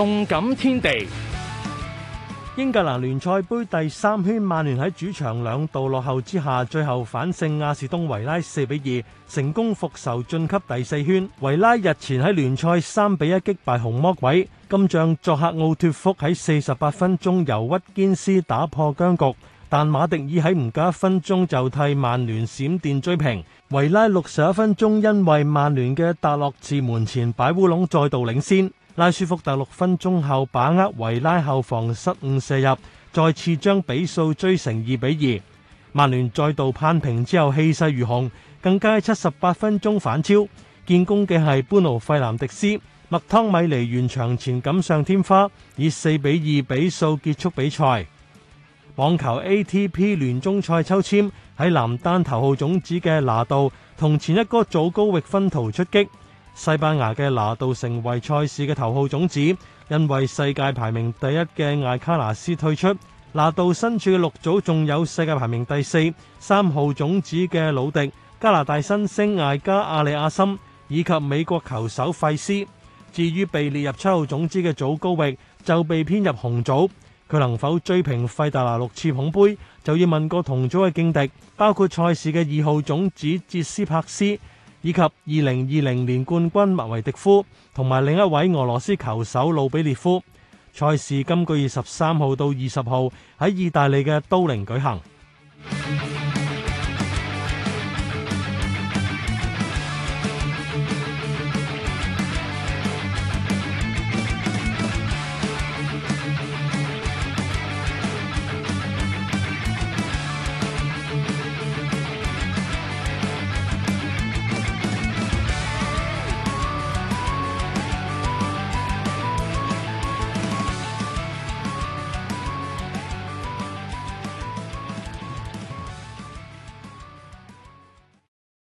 動感天地，英格蘭聯賽盃第三圈，曼聯喺主場兩度落後之下，最後反勝阿士東維拉四比二，成功復仇晉級第四圈。維拉日前喺聯賽三比一擊敗紅魔鬼，今仗作客奧脱福喺四十八分鐘由屈堅斯打破僵局，但馬迪爾喺唔夠一分鐘就替曼聯閃電追平。維拉六十一分鐘因為曼聯嘅達洛治門前擺烏龍，再度領先。拉舒福特六分鐘後把握維拉後防失誤射入，再次將比數追成二比二。曼聯再度扳平之後氣勢如虹，更加喺七十八分鐘反超。建功嘅係般奴費蘭迪斯，麥湯米尼完場前錦上添花，以四比二比數結束比賽。網球 ATP 聯中賽抽籤喺男單頭號種子嘅拿度同前一個祖高域分途出擊。西班牙嘅拿度成為賽事嘅頭號種子，因為世界排名第一嘅艾卡納斯退出。拿度身處嘅綠組，仲有世界排名第四、三號種子嘅魯迪、加拿大新星艾加阿里亞森以及美國球手費斯。至於被列入七號種子嘅祖高域，就被編入紅組。佢能否追平費達拿六次捧杯，就要問過同組嘅勁敵，包括賽事嘅二號種子捷斯帕斯，以及二零二零年冠軍麥維迪夫同埋另一位俄羅斯球手魯比列夫，賽事今個月十三號到二十號喺意大利嘅都靈舉行。